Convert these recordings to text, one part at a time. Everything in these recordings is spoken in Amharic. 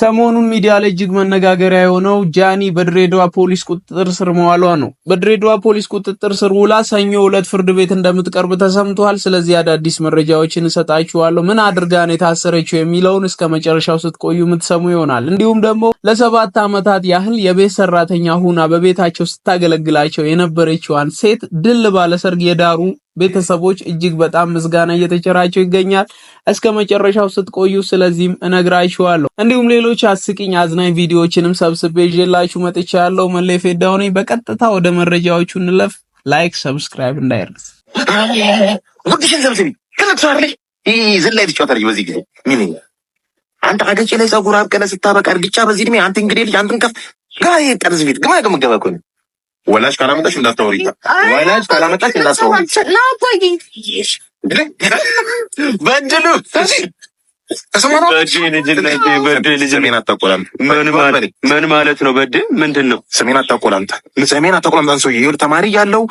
ሰሞኑን ሚዲያ ላይ እጅግ መነጋገሪያ የሆነው ጃኒ በድሬዳዋ ፖሊስ ቁጥጥር ስር መዋሏ ነው። በድሬዳዋ ፖሊስ ቁጥጥር ስር ውላ ሰኞ ዕለት ፍርድ ቤት እንደምትቀርብ ተሰምቷል። ስለዚህ አዳዲስ መረጃዎችን እሰጣችኋለሁ። ምን አድርጋ ነው የታሰረችው የሚለውን እስከ መጨረሻው ስትቆዩ የምትሰሙ ይሆናል። እንዲሁም ደግሞ ለሰባት ዓመታት ያህል የቤት ሰራተኛ ሁና በቤታቸው ስታገለግላቸው የነበረችዋን ሴት ድል ባለሰርግ የዳሩ ቤተሰቦች እጅግ በጣም ምስጋና እየተቸራቸው ይገኛል። እስከ መጨረሻው ስትቆዩ ስለዚህም እነግራችኋለሁ። እንዲሁም ሌሎች አስቂኝ አዝናኝ ቪዲዮዎችንም ሰብስቤ ይዤላችሁ መጥቻለሁ። መለፌ ዳው በቀጥታ ወደ መረጃዎቹ እንለፍ። ላይክ፣ ሰብስክራይብ እንዳይረስ። ወግሽን ሰብስቢ ከነትሳሪ ይዘላይ ትጫወታለች። በዚህ ጊዜ ምን አንተ አገጭ ላይ ጸጉር አብቀለ ስታበቃ እርግጫ በዚህ ድሜ አንተ እንግዲህ ልጅ አንተን ከፍ ጋር ጠርዝ ቤት ግማ ገመገበኩን ወላጅ ካላመጣሽ እንዳታወሪ፣ ወላጅ ካላመጣሽ እንዳታወሪ። ስሜን አታቆላምጥ። ምን ማለት ነው? በዴ ምንድን ነው? ስሜን አታቆላምጥ። ስሜን አታቆላምጥ። ሰውዬ ይኸውልህ፣ ተማሪ ያለው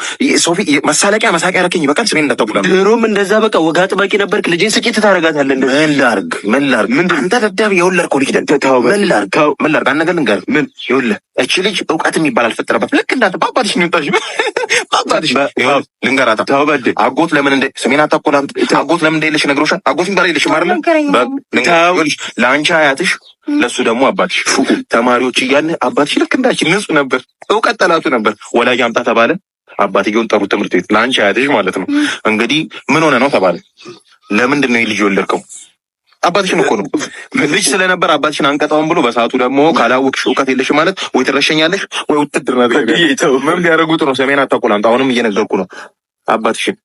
ሶፊ መሳለቂያ መሳቂያ ረከኝ። በቃል ስሜን እንዳታቆላምጥ። ድሮም እንደዛ በቃ ወግ አጥባቂ ነበርክ። ልጄን ስቄት ታደርጋታለህ። ምን ላድርግ? ምን ላድርግ? ምንድን አንተ ደዳብ የወለድከው እኮ ልጅ ደዳብ። ምን ላድርግ? ምን ላድርግ? አንድ ነገር ልንገርህ። ምን ይኸውልህ፣ እቺ ልጅ እውቀት የሚባል አልፈጠረባት። ልክ እንዳንተ በአባትሽ ነው የወጣሽ። በአባትሽ ልንገራታ። አጎት ለምን እንደ ስሜን አታቆላምጥ። አጎት ለምን እንደሌለሽ ነግሮሻል። አጎት የሚባል የለሽም አይደለም ለአንቺ አያትሽ ለእሱ ደግሞ አባትሽ ተማሪዎች እያለ አባትሽ ልክ እንዳችን ንጹህ ነበር፣ እውቀት ጠላቱ ነበር። ወላጅ አምጣ ተባለ፣ አባትየውን ጠሩት ትምህርት ቤት። ለአንቺ አያትሽ ማለት ነው። እንግዲህ ምን ሆነ ነው ተባለ። ለምንድን ነው ልጅ የወለድከው? አባትሽን እኮ ነው ልጅ ስለነበር አባትሽን አንቀጣውም ብሎ በሰዓቱ ደግሞ ካላወቅሽ እውቀት የለሽ ማለት ወይ ትረሸኛለሽ ወይ ውትድር ነገር ምን ሊያደርጉት ነው? ሰሜን አታቆላምጥ። አሁንም እየነገርኩ ነው አባትሽን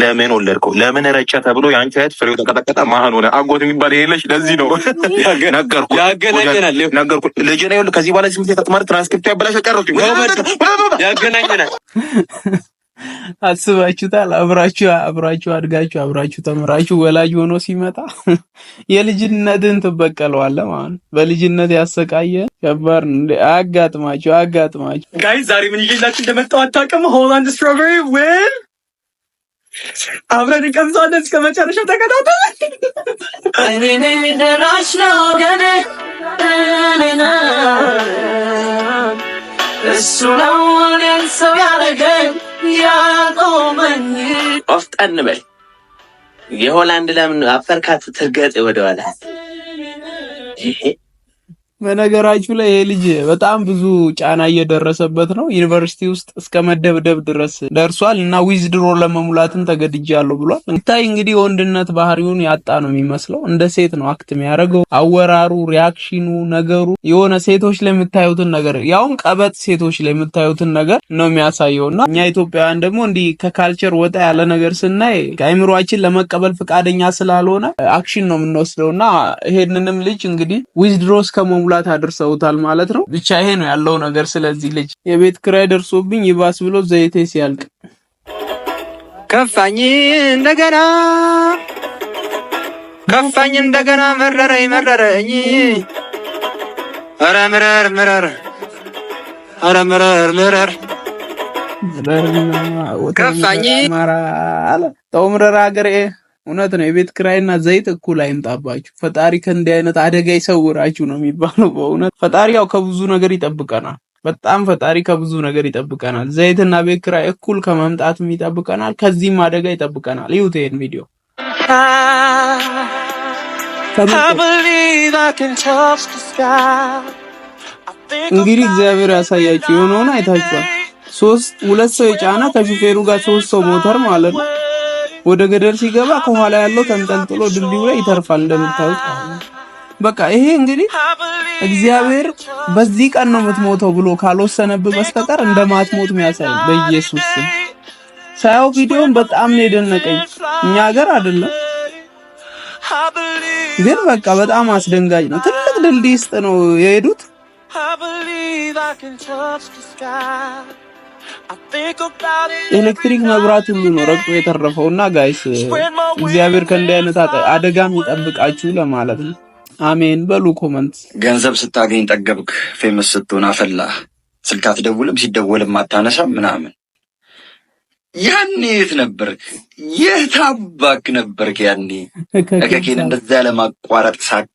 ለምን ወለድከው? ለምን ረጨ ተብሎ የአንቺ እህት ፍሬው ተቀጠቀጠ፣ መሀን ሆነ። አጎት የሚባል የሌለሽ ለዚህ ነው ነገርኩ። ያገናኘናል ነገርኩ። ልጅ ነው ይኸውልህ። ከዚህ በኋላ ዝምት ተጥማር ትራንስክሪፕቱ ያበላሽ ቀረች። ያገናኘናል። አስባችሁታል? አብራችሁ አብራችሁ አድጋችሁ አብራችሁ ተምራችሁ ወላጅ ሆኖ ሲመጣ የልጅነትን ትበቀለዋለ ማለት በልጅነት ያሰቃየ ከባድ ነው። አጋጥማችሁ አጋጥማችሁ ጋይ ዛሬ ምን ይዤላችሁ እንደመጣው አታውቅም። ሆላንድ ስትሮበሪ ዌል አብረን እንቀምሳለን እስከ መጨረሻው ተከታተል። እኔ ደራሽ ነው ገኔ እሱ ነው ሰው ያደረገኝ ያቆመኝ። ቆፍጠን በል የሆላንድ ለምን አፈርካት ትርገጥ ወደኋላ በነገራችሁ ላይ ይሄ ልጅ በጣም ብዙ ጫና እየደረሰበት ነው። ዩኒቨርሲቲ ውስጥ እስከ መደብደብ ድረስ ደርሷል እና ዊዝድሮ ለመሙላትም ተገድጃለሁ ብሏል። ይታይ እንግዲህ ወንድነት ባህሪውን ያጣ ነው የሚመስለው። እንደ ሴት ነው አክት የሚያደርገው። አወራሩ፣ ሪያክሽኑ፣ ነገሩ የሆነ ሴቶች ላይ የምታዩትን ነገር ያውም ቀበጥ ሴቶች ላይ የምታዩትን ነገር ነው የሚያሳየው እና እኛ ኢትዮጵያውያን ደግሞ እንዲህ ከካልቸር ወጣ ያለ ነገር ስናይ ከአይምሯችን ለመቀበል ፈቃደኛ ስላልሆነ አክሽን ነው የምንወስደው እና ይሄንንም ልጅ እንግዲህ ዊዝድሮ እስከ ለመሙላት አድርሰውታል ማለት ነው። ብቻ ይሄ ነው ያለው ነገር። ስለዚህ ልጅ የቤት ክራይ ደርሶብኝ ይባስ ብሎ ዘይቴ ሲያልቅ ከፋኝ እንደገና ከፋኝ እንደገና መረረኝ መረረኝ ኧረ ምረር ምረር ኧረ ምረር ምረር ከፋኝ ተው ምረር አገሬ እውነት ነው። የቤት ክራይና ዘይት እኩል አይምጣባችሁ። ፈጣሪ ከእንዲህ አይነት አደጋ ይሰውራችሁ ነው የሚባለው። በእውነት ፈጣሪ ያው ከብዙ ነገር ይጠብቀናል። በጣም ፈጣሪ ከብዙ ነገር ይጠብቀናል። ዘይትና ቤት ክራይ እኩል ከመምጣትም ይጠብቀናል፣ ከዚህም አደጋ ይጠብቀናል። ይሁት ቪዲዮ እንግዲህ እግዚአብሔር ያሳያችሁ። የሆነውን አይታችኋል። ሶስት ሁለት ሰው የጫነ ከሹፌሩ ጋር ሶስት ሰው ሞተር ማለት ነው ወደ ገደል ሲገባ ከኋላ ያለው ተንጠልጥሎ ድልድዩ ላይ ይተርፋል። እንደምታዩት በቃ ይሄ እንግዲህ እግዚአብሔር በዚህ ቀን ነው የምትሞተው ብሎ ካልወሰነብህ በስተቀር እንደማትሞት የሚያሳይ በኢየሱስ ስም ሳያው ቪዲዮን በጣም ነው የደነቀኝ። እኛ ሀገር አይደለም ግን በቃ በጣም አስደንጋጭ ነው። ትልቅ ድልድይ ውስጥ ነው የሄዱት። ኤሌክትሪክ መብራት ሁሉ ነው ረግጦ የተረፈውና ጋይስ እግዚአብሔር ከእንዲህ አይነት አደጋም ይጠብቃችሁ ለማለት ነው። አሜን በሉ ኮመንት። ገንዘብ ስታገኝ ጠገብክ፣ ፌመስ ስትሆን አፈላ፣ ስልክ አትደውልም፣ ሲደወልም አታነሳም ምናምን። ያኔ የት ነበርክ? የት አባክ ነበርክ? ያኔ እከኬን እንደዛ ለማቋረጥ ሳክ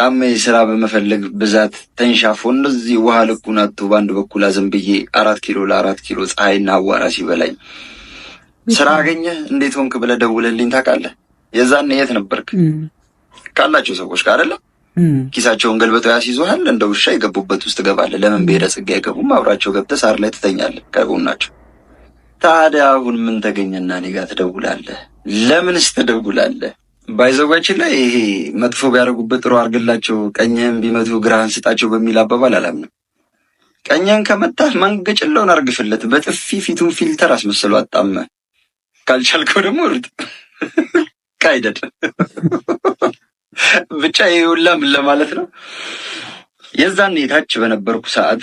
በጣም ስራ በመፈለግ ብዛት ተንሻፎ እንደዚህ ውሃ ልኩን አቶ በአንድ በኩል አዘን ብዬ አራት ኪሎ ለአራት ኪሎ ፀሐይና አዋራ ሲበላኝ ስራ አገኘ እንዴት ሆንክ ብለ ደውለልኝ ታውቃለህ? የዛን የት ነበርክ ካላቸው ሰዎች ጋር አይደለም ኪሳቸውን ገልበጦ ያስይዙሃል። እንደ ውሻ የገቡበት ውስጥ ገባለ። ለምን ብሔረ ጽጌ አይገቡም? አብራቸው ገብተ ሳር ላይ ትተኛለህ ከጎናቸው። ታዲያ አሁን ምን ተገኘና እኔ ጋ ትደውላለህ? ለምንስ ትደውላለህ? ባይዘጓችን ላይ ይሄ መጥፎ ቢያደርጉበት ጥሩ አድርግላቸው፣ ቀኝህን ቢመቱ ግራህን ስጣቸው በሚል አባባል አላምንም። ቀኝህን ከመታህ መንገጭለውን አርግፍለት በጥፊ ፊቱን ፊልተር አስመስሎ አጣመ። ካልቻልከው ደግሞ ርጥ ካይደድ ብቻ ይሁላ። ምን ለማለት ነው? የዛን የታች በነበርኩ ሰዓት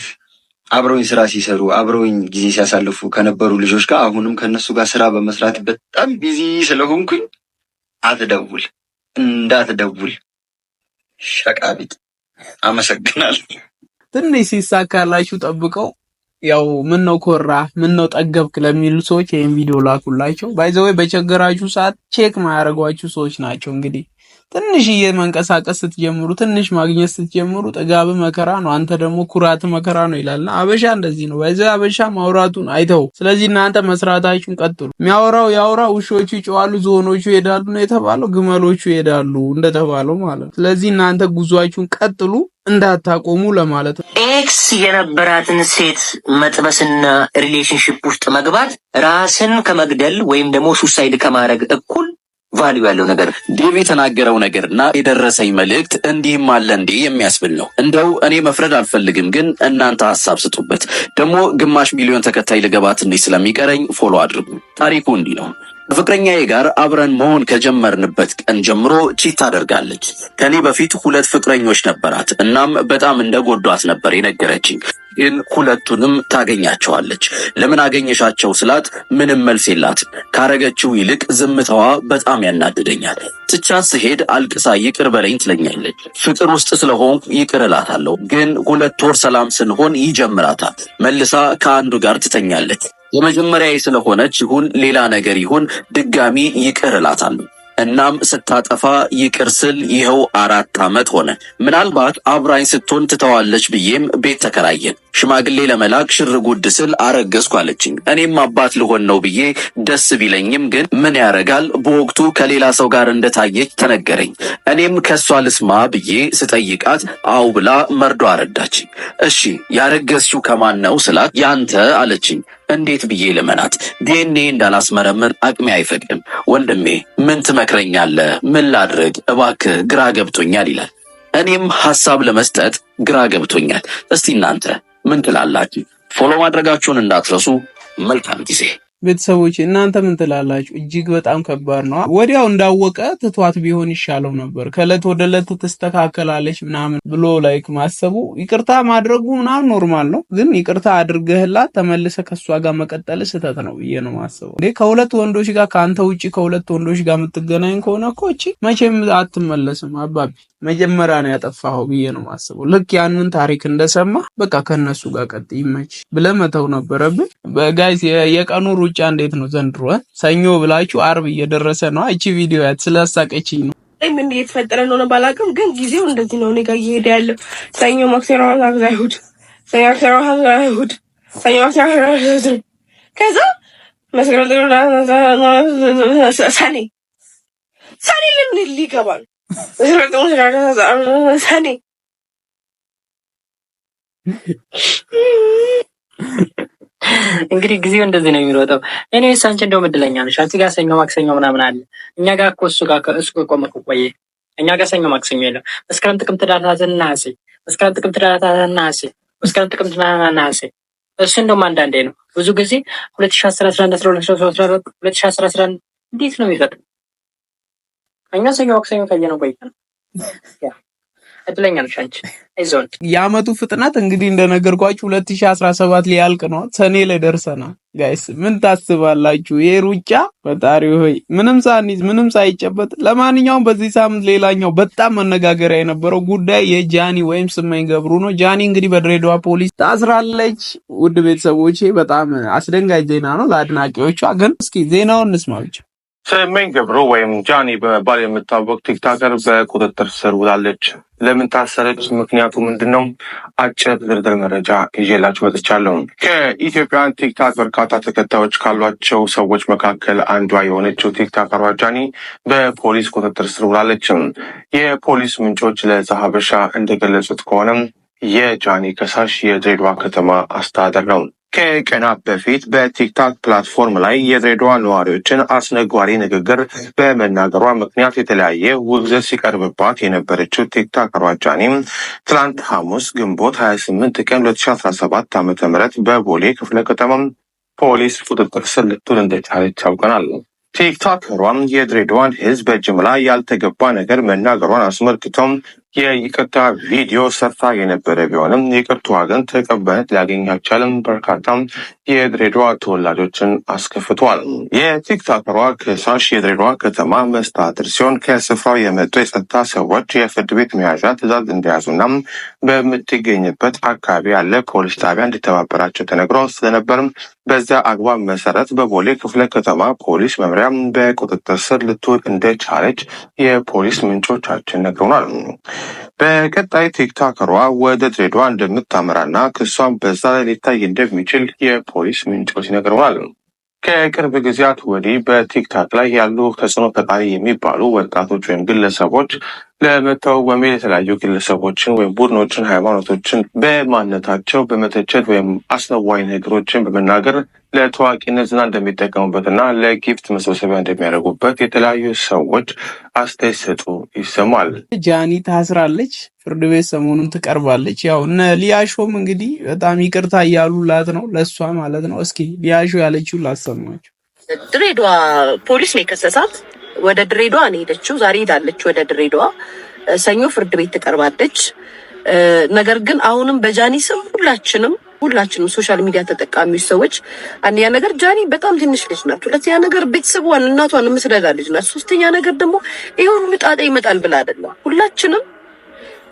አብረውኝ ስራ ሲሰሩ አብረውኝ ጊዜ ሲያሳልፉ ከነበሩ ልጆች ጋር አሁንም ከእነሱ ጋር ስራ በመስራት በጣም ቢዚ ስለሆንኩኝ አትደውል፣ እንዳትደውል ሸቃቢጥ። አመሰግናል። ትንሽ ሲሳካላችሁ ጠብቀው ያው ምን ነው ኮራ ምን ነው ጠገብክ ለሚሉ ሰዎች ይሄን ቪዲዮ ላኩላቸው። ባይዘወይ በቸገራችሁ ሰዓት ቼክ ማያደርጓችሁ ሰዎች ናቸው እንግዲህ ትንሽዬ መንቀሳቀስ ስትጀምሩ ትንሽ ማግኘት ስትጀምሩ ጥጋብ መከራ ነው፣ አንተ ደግሞ ኩራት መከራ ነው ይላልና አበሻ እንደዚህ ነው። በዚህ አበሻ ማውራቱን አይተው። ስለዚህ እናንተ መስራታችሁን ቀጥሉ። የሚያወራው ያውራ። ውሾቹ ይጨዋሉ፣ ዝሆኖቹ ይሄዳሉ ነው የተባለው። ግመሎቹ ይሄዳሉ እንደተባለው ማለት ነው። ስለዚህ እናንተ ጉዟችሁን ቀጥሉ እንዳታቆሙ ለማለት ነው። ኤክስ የነበራትን ሴት መጥበስና ሪሌሽንሽፕ ውስጥ መግባት ራስን ከመግደል ወይም ደግሞ ሱሳይድ ከማድረግ እኩል ቫሊዩ ያለው ነገር ዴቭ የተናገረው ነገር እና የደረሰኝ መልእክት እንዲህም አለ እንዴ የሚያስብል ነው። እንደው እኔ መፍረድ አልፈልግም፣ ግን እናንተ ሀሳብ ስጡበት። ደግሞ ግማሽ ሚሊዮን ተከታይ ልገባ ትንሽ ስለሚቀረኝ ፎሎ አድርጉ። ታሪኩ እንዲህ ነው። ፍቅረኛ ጋር አብረን መሆን ከጀመርንበት ቀን ጀምሮ ቺት ታደርጋለች። ከኔ በፊት ሁለት ፍቅረኞች ነበራት። እናም በጣም እንደጎዷት ነበር የነገረችኝ። ግን ሁለቱንም ታገኛቸዋለች። ለምን አገኘሻቸው ስላት ምንም መልስ የላት። ካረገችው ይልቅ ዝምታዋ በጣም ያናድደኛል። ትቻት ስሄድ አልቅሳ ይቅር በለኝ ትለኛለች። ፍቅር ውስጥ ስለሆንኩ ይቅር እላታለሁ። ግን ሁለት ወር ሰላም ስንሆን ይጀምራታል። መልሳ ከአንዱ ጋር ትተኛለች። የመጀመሪያ ስለሆነች ይሁን ሌላ ነገር ይሁን ድጋሚ ይቅር እላታል። እናም ስታጠፋ ይቅር ስል ይኸው አራት ዓመት ሆነ። ምናልባት አብራኝ ስትሆን ትተዋለች ብዬም ቤት ተከራየን። ሽማግሌ ለመላክ ሽር ጉድ ስል አረገዝኩ አለችኝ። እኔም አባት ልሆን ነው ብዬ ደስ ቢለኝም ግን ምን ያረጋል፣ በወቅቱ ከሌላ ሰው ጋር እንደታየች ተነገረኝ። እኔም ከሷ ልስማ ብዬ ስጠይቃት አው ብላ መርዶ አረዳችኝ። እሺ ያረገዝሽው ከማን ነው ስላት ያንተ አለችኝ። እንዴት ብዬ ልመናት? ዲኤንኤ እንዳላስመረምር አቅሜ አይፈቅድም። ወንድሜ ምን ትመክረኛለህ? ምን ላድርግ? እባክህ ግራ ገብቶኛል ይላል። እኔም ሀሳብ ለመስጠት ግራ ገብቶኛል። እስቲ እናንተ ምን ትላላችሁ? ፎሎ ማድረጋችሁን እንዳትረሱ። መልካም ጊዜ ቤተሰቦች እናንተ ምን ትላላችሁ? እጅግ በጣም ከባድ ነው። ወዲያው እንዳወቀ ትቷት ቢሆን ይሻለው ነበር። ከእለት ወደ እለት ትስተካከላለች ምናምን ብሎ ላይክ ማሰቡ ይቅርታ ማድረጉ ምናምን ኖርማል ነው፣ ግን ይቅርታ አድርገህላት ተመልሰ ከእሷ ጋር መቀጠል ስህተት ነው ብዬ ነው ማሰቡ። እንዴ ከሁለት ወንዶች ጋር ከአንተ ውጭ ከሁለት ወንዶች ጋር የምትገናኝ ከሆነ እኮ እቺ መቼም አትመለስም አባቢ መጀመሪያ ነው ያጠፋኸው ብዬ ነው ማስበው። ልክ ያንን ታሪክ እንደሰማ በቃ ከነሱ ጋር ቀጥ ይመች ብለህ መተው ነበረብን። በጋይስ የቀኑ ሩጫ እንዴት ነው ዘንድሮ? ሰኞ ብላችሁ አርብ እየደረሰ ነው። እቺ ቪዲዮ ያት ስላሳቀችኝ ነው። ምን እየተፈጠረ እንደሆነ ባላቅም፣ ግን ጊዜው እንደዚህ ነው እኔ ጋር እየሄደ ያለው ሰኞ ማክሰኞ ሀዛ ይሁድ ሰኞ ማክሰኞ ሀዛ ይሁድ ሰኞ ማክሰኞ ሀዛ ከዛ መስገ ሰኔ ሰኔ ለምን ሊገባ እንግዲህ ጊዜው እንደዚህ ነው የሚሮጠው። እኔ ሳንቺ እንደው ምድለኛ ነሽ። አዚ ጋር ሰኞ ማክሰኞ ምናምን አለ። እኛ ጋር እኮ እሱ ጋር እሱ ቆመ ቆየ። እኛ ጋር ሰኞ ማክሰኞ የለም። መስከረም ጥቅምት ህዳር ታህሳስ መስከረም ጥቅምት ህዳር ታህሳስ ነሐሴ፣ መስከረም ጥቅምት ነሐሴ። እሱ እንደውም አንዳንዴ ነው። ብዙ ጊዜ ሁለት ሺ አስራ አስራ አንድ አስራ ሁለት አስራ አስራ አንድ እንዴት ነው የሚፈጥነው? እኛ ሰኞ ማክሰኞ ካየነው ቆይተን የአመቱ ፍጥነት እንግዲህ እንደነገርኳችሁ ሁለት አስራ ሰባት ሊያልቅ ነው። ሰኔ ላይ ደርሰናል ጋይስ። ምን ታስባላችሁ? ይሄ ሩጫ ፈጣሪ ሆይ ምንም ሳኒዝ ምንም ሳይጨበጥ። ለማንኛውም በዚህ ሳምንት ሌላኛው በጣም መነጋገሪያ የነበረው ጉዳይ የጃኒ ወይም ስመኝ ገብሩ ነው። ጃኒ እንግዲህ በድሬዳዋ ፖሊስ ታስራለች። ውድ ቤተሰቦቼ በጣም አስደንጋጭ ዜና ነው ለአድናቂዎቿ። ግን እስኪ ዜናውን እንስማ ብቻ ስመኝ ገብሮ ወይም ጃኒ በመባል የምታወቅ ቲክቶከር በቁጥጥር ስር ውላለች። ለምን ታሰረች? ምክንያቱ ምንድን ነው? አጭር ድርድር መረጃ ይዤላችሁ መጥቻለሁ። ከኢትዮጵያን ቲክታክ በርካታ ተከታዮች ካሏቸው ሰዎች መካከል አንዷ የሆነችው ቲክታከሯ ጃኒ በፖሊስ ቁጥጥር ስር ውላለች። የፖሊስ ምንጮች ለዛሀበሻ እንደገለጹት ከሆነም የጃኒ ከሳሽ የድሬዳዋ ከተማ አስተዳደር ነው። ከቀናት በፊት በቲክታክ ፕላትፎርም ላይ የድሬዳዋ ነዋሪዎችን አስነጓሪ ንግግር በመናገሯ ምክንያት የተለያየ ውግዘት ሲቀርብባት የነበረችው ቲክታክ ጃኒም ትላንት ሐሙስ ግንቦት 28 ቀን 2017 ዓ ም በቦሌ ክፍለ ከተማም ፖሊስ ቁጥጥር ስር ልትውል እንደቻለች ያውቀናል። ቲክታከሯም የድሬዳዋን ሕዝብ በጅምላ ያልተገባ ነገር መናገሯን አስመልክቶም የይቅርታ ቪዲዮ ሰርታ የነበረ ቢሆንም ይቅርታዋ ግን ተቀባይነት ሊያገኝ አልቻለም። በርካታም የድሬዳዋ ተወላጆችን አስከፍቷል። የቲክቶከሯ ከሳሽ የድሬዳዋ ከተማ መስተዳድር ሲሆን ከስፍራው የመጡ የጸጥታ ሰዎች የፍርድ ቤት መያዣ ትዕዛዝ እንደያዙና በምትገኝበት አካባቢ ያለ ፖሊስ ጣቢያ እንዲተባበራቸው ተነግሮ ስለነበርም በዛ አግባብ መሰረት በቦሌ ክፍለ ከተማ ፖሊስ መምሪያ በቁጥጥር ስር ልትውል እንደቻለች የፖሊስ ምንጮቻችን ነግረውናል። በቀጣይ ቲክቶከሯ ወደ ድሬዳዋ እንደምታመራና ክሷም በዛ ላይ ሊታይ እንደሚችል የፖሊስ ምንጮች ይነግረውናል። ከቅርብ ጊዜያት ወዲህ በቲክቶክ ላይ ያሉ ተጽዕኖ ፈጣሪ የሚባሉ ወጣቶች ወይም ግለሰቦች ለመተዋወሚል የተለያዩ ግለሰቦችን ወይም ቡድኖችን፣ ሃይማኖቶችን በማንነታቸው በመተቸት ወይም አስነዋይ ነገሮችን በመናገር ለታዋቂነት ዝና እንደሚጠቀሙበትና ለጊፍት መሰብሰቢያ እንደሚያደርጉበት የተለያዩ ሰዎች አስተያየት ሰጡ ይሰማል። ጃኒ ታስራለች፣ ፍርድ ቤት ሰሞኑን ትቀርባለች። ያው እነ ሊያሾም እንግዲህ በጣም ይቅርታ እያሉላት ነው፣ ለእሷ ማለት ነው። እስኪ ሊያሾ ያለችው ላሰማቸው ድሬዷ ፖሊስ ነው የከሰሳት ወደ ድሬዳዋ ነው ሄደችው። ዛሬ ሄዳለች ወደ ድሬዳዋ። ሰኞ ፍርድ ቤት ትቀርባለች። ነገር ግን አሁንም በጃኒ ስም ሁላችንም ሁላችንም ሶሻል ሚዲያ ተጠቃሚዎች ሰዎች፣ አንደኛ ነገር ጃኒ በጣም ትንሽ ልጅ ናት። ሁለተኛ ነገር ቤተሰቧን እናቷን ምስረዳ ልጅ ናት። ሶስተኛ ነገር ደግሞ ይሁን ምጣጣ ይመጣል ብላ አይደለም ሁላችንም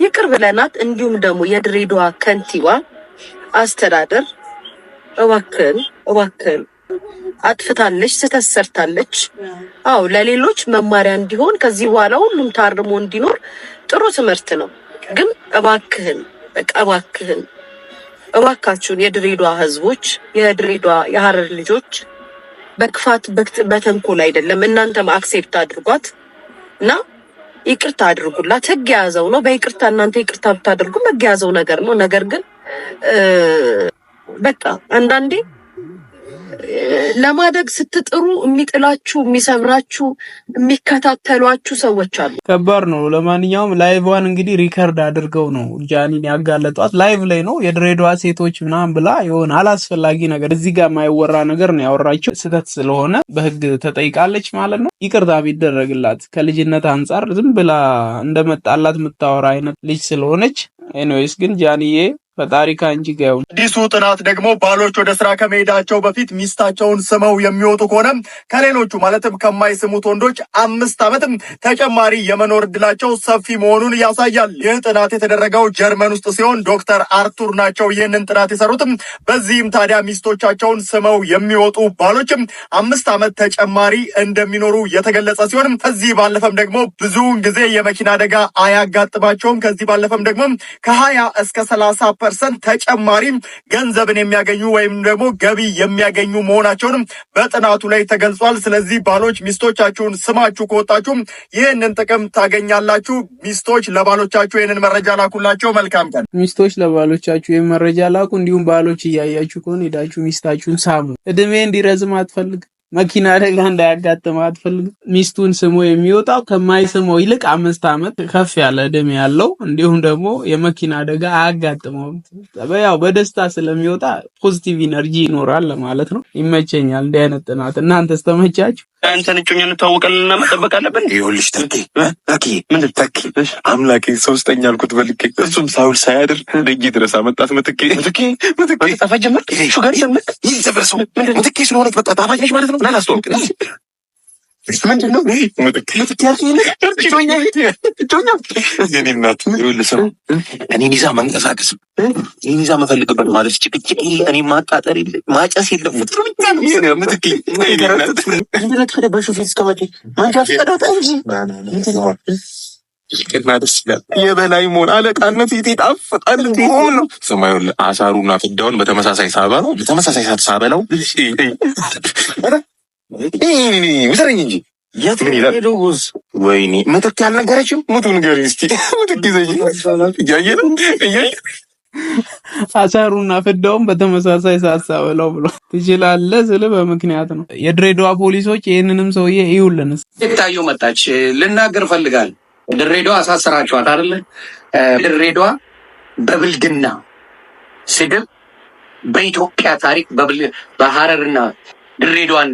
ይቅር ብለናት። እንዲሁም ደግሞ የድሬዳዋ ከንቲባ አስተዳደር እባክን እባክን አጥፍታለች፣ ስህተት ሰርታለች። አዎ ለሌሎች መማሪያ እንዲሆን ከዚህ በኋላ ሁሉም ታርሞ እንዲኖር ጥሩ ትምህርት ነው። ግን እባክህን በቃ እባክህን እባካችሁን የድሬዳዋ ህዝቦች፣ የድሬዳዋ የሀረር ልጆች በክፋት በተንኮል አይደለም። እናንተም አክሴፕት አድርጓት እና ይቅርታ አድርጉላት። ህግ የያዘው ነው። በይቅርታ እናንተ ይቅርታ ብታደርጉ ህግ የያዘው ነገር ነው። ነገር ግን በቃ አንዳንዴ ለማደግ ስትጥሩ የሚጥላችሁ የሚሰብራችሁ የሚከታተሏችሁ ሰዎች አሉ። ከባድ ነው። ለማንኛውም ላይቭዋን እንግዲህ ሪከርድ አድርገው ነው ጃኒን ያጋለጧት። ላይቭ ላይ ነው የድሬዳዋ ሴቶች ምናምን ብላ የሆነ አላስፈላጊ ነገር እዚህ ጋር የማይወራ ነገር ነው ያወራቸው። ስህተት ስለሆነ በህግ ተጠይቃለች ማለት ነው። ይቅርታ ቢደረግላት ከልጅነት አንጻር ዝም ብላ እንደመጣላት የምታወራ አይነት ልጅ ስለሆነች ኤኒዌይስ ግን ጃኒዬ በታሪካ እንጂ ገው አዲሱ ጥናት ደግሞ ባሎች ወደ ስራ ከመሄዳቸው በፊት ሚስታቸውን ስመው የሚወጡ ከሆነ ከሌሎቹ ማለትም ከማይስሙት ወንዶች አምስት ዓመትም ተጨማሪ የመኖር እድላቸው ሰፊ መሆኑን ያሳያል። ይህ ጥናት የተደረገው ጀርመን ውስጥ ሲሆን ዶክተር አርቱር ናቸው ይህንን ጥናት የሰሩትም። በዚህም ታዲያ ሚስቶቻቸውን ስመው የሚወጡ ባሎችም አምስት ዓመት ተጨማሪ እንደሚኖሩ የተገለጸ ሲሆንም ከዚህ ባለፈም ደግሞ ብዙውን ጊዜ የመኪና አደጋ አያጋጥማቸውም። ከዚህ ባለፈም ደግሞ ከሀያ እስከ ሰላሳ ፐርሰንት ተጨማሪም ገንዘብን የሚያገኙ ወይም ደግሞ ገቢ የሚያገኙ መሆናቸውንም በጥናቱ ላይ ተገልጿል። ስለዚህ ባሎች ሚስቶቻችሁን ስማችሁ ከወጣችሁም ይህንን ጥቅም ታገኛላችሁ። ሚስቶች ለባሎቻችሁ ይህንን መረጃ ላኩላቸው። መልካም ቀን። ሚስቶች ለባሎቻችሁ ይህን መረጃ ላኩ። እንዲሁም ባሎች እያያችሁ ከሆነ ሄዳችሁ ሚስታችሁን ሳሙ። እድሜ እንዲረዝም አትፈልግ መኪና አደጋ እንዳያጋጥመው አትፈልግም። ሚስቱን ስሞ የሚወጣው ከማይስመው ይልቅ አምስት ዓመት ከፍ ያለ እድሜ ያለው እንዲሁም ደግሞ የመኪና አደጋ አያጋጥመውም። ያው በደስታ ስለሚወጣ ፖዚቲቭ ኢነርጂ ይኖራል ለማለት ነው። ይመቸኛል እንዲህ አይነት ጥናት። እናንተስ ተመቻችሁ? አንተን እጮኛ እንታወቃለንና መጠበቅ አለብን። ይኸውልሽ ተኪ ተኪ ምንድን ተኪ አምላኬ ሶስተኛ አልኩት በልኬ እሱም ሳውል ሳያድር ደጌ ድረስ አመጣት። ምትኬ ምትኬ ምትኬ ጣፋጭ ጀመር ሹጋር ሰምክ ይህ ሰፈር ሰው ምትኬ ስለሆነች በጣ ጣፋጭ ነች ማለት ነው ናላስቶ ምንድን ነው ምትክ እኔን ይዛ መንቀሳቀስ፣ እኔን ይዛ መፈልግበት ማለት ጭቅጭቅ የለ፣ እኔ ማጣጠር የለ፣ ማጨስ የለም። የበላይ መሆን አለቃነት ይጣፍጣል። ነው አሳሩና ፍዳውን በተመሳሳይ ሳበላው በተመሳሳይ ሳት ሳበላው እንጂ ወይኔ ምትክ ያልነገረችም ሙቱ ንገሪ እስኪ ምትክ ይዘኝ እያየ አሳሩና ፍዳውም በተመሳሳይ ሳሳበለው ብሎ ትችላለ ስል በምክንያት ነው። የድሬዳዋ ፖሊሶች ይህንንም ሰውዬ ይውልንስ ታዩ መጣች ልናገር ፈልጋል። ድሬዳዋ አሳሰራችኋት አይደለ? ድሬዳዋ በብልግና ስድብ በኢትዮጵያ ታሪክ በሀረርና ድሬዳዋን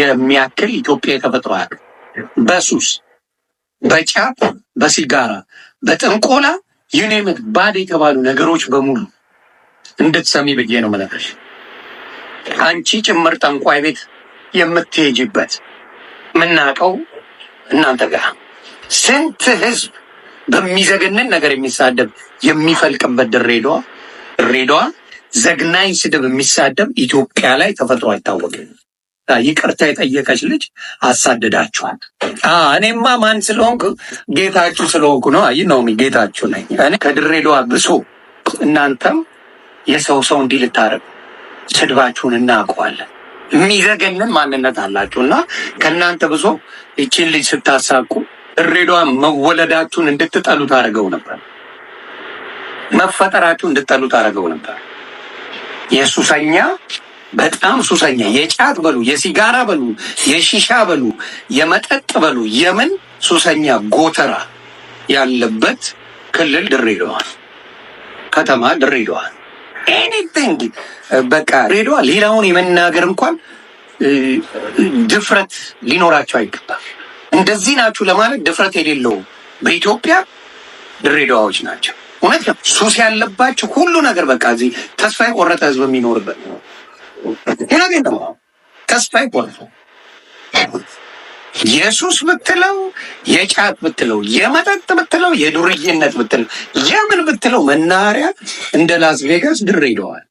የሚያክል ኢትዮጵያ የተፈጥሮ በሱስ በጫት በሲጋራ በጥንቆላ ዩኔምት ባድ የተባሉ ነገሮች በሙሉ እንድትሰሚ ብዬ ነው መለፈሽ አንቺ ጭምር ጠንቋይ ቤት የምትሄጅበት ምናቀው እናንተ ጋር ስንት ህዝብ በሚዘግንን ነገር የሚሳደብ የሚፈልቅበት ድሬዳዋ ድሬዳዋ ዘግናኝ ስድብ የሚሳደብ ኢትዮጵያ ላይ ተፈጥሮ አይታወቅም። ይቅርታ የጠየቀች ልጅ አሳደዳችኋል። እኔማ ማን ስለሆንኩ ጌታችሁ ስለሆንኩ ነው። አይ ነው ጌታችሁ ነኝ እኔ ከድሬዳዋ ብሶ እናንተም የሰው ሰው እንዲህ ልታረግ ስድባችሁን እናውቀዋለን። የሚዘገንን ማንነት አላችሁ እና ከእናንተ ብሶ ይችን ልጅ ስታሳቁ ድሬዳዋ መወለዳችሁን እንድትጠሉ ታደርገው ነበር። መፈጠራችሁ እንድትጠሉ ታደርገው ነበር የሱሰኛ በጣም ሱሰኛ የጫት በሉ የሲጋራ በሉ የሺሻ በሉ የመጠጥ በሉ የምን ሱሰኛ ጎተራ ያለበት ክልል ድሬዳዋ ከተማ ድሬዳዋ ኤኒቲንግ በቃ ድሬዳዋ ሌላውን የመናገር እንኳን ድፍረት ሊኖራቸው አይገባም። እንደዚህ ናችሁ ለማለት ድፍረት የሌለው በኢትዮጵያ ድሬዳዋዎች ናቸው። እውነት ነው። ሱስ ያለባቸው ሁሉ ነገር በቃ እዚህ ተስፋ የቆረጠ ህዝብ የሚኖርበት ያገኘው ተስፋ ይቆርጡ። ኢየሱስ ብትለው የጫት ብትለው የመጠጥ ብትለው የዱርዬነት ብትለው የምን ብትለው መናኸሪያ እንደ ላስ ቬጋስ ድሬ ይለዋል።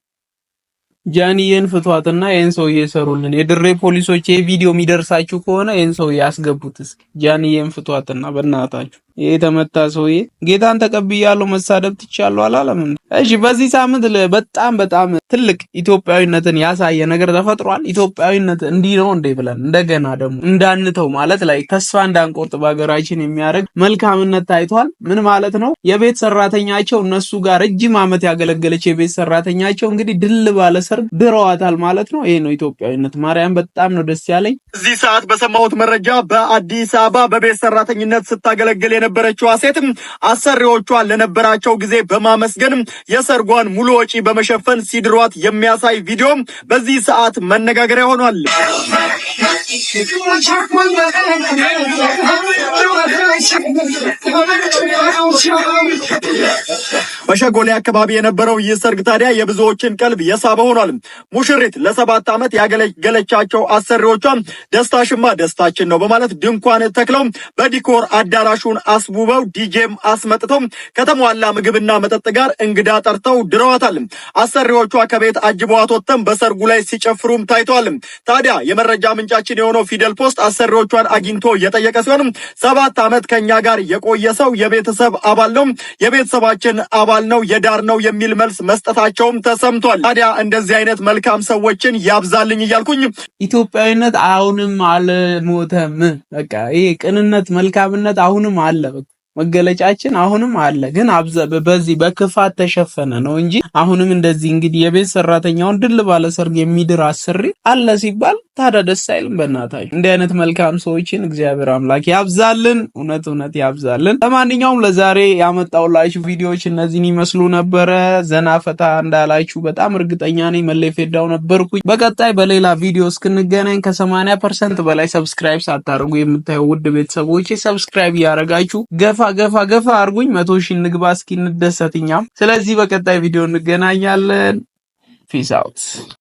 ጃኒ ይህን ፍቷትና ይህን ሰው እየሰሩልን የድሬ ፖሊሶች የቪዲዮ የሚደርሳችሁ ከሆነ ይህን ሰው ያስገቡት። እስኪ። ጃኒ ይህን ፍቷትና በእናታችሁ የተመታ ሰውዬ ጌታን ተቀብያለሁ መሳደብ ትቻለሁ አላለም። እሺ፣ በዚህ ሳምንት በጣም በጣም ትልቅ ኢትዮጵያዊነትን ያሳየ ነገር ተፈጥሯል። ኢትዮጵያዊነት እንዲህ ነው እንዴ ብለን እንደገና ደግሞ እንዳንተው ማለት ላይ ተስፋ እንዳንቆርጥ በሀገራችን የሚያደርግ መልካምነት ታይቷል። ምን ማለት ነው? የቤት ሰራተኛቸው እነሱ ጋር ረጅም ዓመት ያገለገለች የቤት ሰራተኛቸው እንግዲህ ድል ባለ ሰርግ ድረዋታል ማለት ነው። ይሄ ነው ኢትዮጵያዊነት። ማርያም በጣም ነው ደስ ያለኝ። እዚህ ሰዓት በሰማሁት መረጃ በአዲስ አበባ በቤት ሰራተኝነት ስታገለግል የነበረችው ሴትም አሰሪዎቿን ለነበራቸው ጊዜ በማመስገን የሰርጓን ሙሉ ወጪ በመሸፈን ሲድሯት የሚያሳይ ቪዲዮም በዚህ ሰዓት መነጋገሪያ ሆኗል። በሸጎሌ አካባቢ የነበረው ይህ ሰርግ ታዲያ የብዙዎችን ቀልብ የሳበ ሆኗል። ሙሽሪት ለሰባት ዓመት ያገለገለቻቸው አሰሪዎቿ ደስታሽማ ደስታችን ነው በማለት ድንኳን ተክለው በዲኮር አዳራሹን አስውበው ዲጄም አስመጥተው ከተሟላ ምግብና መጠጥ ጋር እንግዳ ጠርተው ድረዋታል። አሰሪዎቿ ከቤት አጅበዋት ወጥተው በሰርጉ ላይ ሲጨፍሩም ታይተዋል። ታዲያ የመረጃ ምንጫችን ጓደኛችን የሆነው ፊደል ፖስት አሰሪዎቿን አግኝቶ የጠየቀ ሲሆን ሰባት ዓመት ከኛ ጋር የቆየ ሰው የቤተሰብ አባል ነው፣ የቤተሰባችን አባል ነው፣ የዳር ነው የሚል መልስ መስጠታቸውም ተሰምቷል። ታዲያ እንደዚህ አይነት መልካም ሰዎችን ያብዛልኝ እያልኩኝ ኢትዮጵያዊነት አሁንም አልሞተም። በቃ ይሄ ቅንነት፣ መልካምነት አሁንም አለ በቃ መገለጫችን አሁንም አለ፣ ግን በዚህ በክፋት ተሸፈነ ነው እንጂ አሁንም እንደዚህ እንግዲህ የቤት ሰራተኛውን ድል ባለ ሰርግ የሚድር አሰሪ አለ ሲባል ታዲያ ደስ አይልም? በእናታችሁ እንዲህ አይነት መልካም ሰዎችን እግዚአብሔር አምላክ ያብዛልን። እውነት እውነት ያብዛልን። ለማንኛውም ለዛሬ ያመጣውላችሁ ቪዲዮዎች እነዚህን ይመስሉ ነበረ። ዘና ፈታ እንዳላችሁ በጣም እርግጠኛ ነኝ። መለፌዳው ነበርኩኝ። በቀጣይ በሌላ ቪዲዮ እስክንገናኝ ከሰማንያ ፐርሰንት በላይ ሰብስክራይብ ሳታደርጉ የምታየው ውድ ቤተሰቦች ሰብስክራይብ እያደረጋችሁ ገፋ ገፋ ገፋ አርጉኝ፣ መቶ ሺህ እንግባ እስኪ እንደሰት እኛም። ስለዚህ በቀጣይ ቪዲዮ እንገናኛለን። ፒስ አውት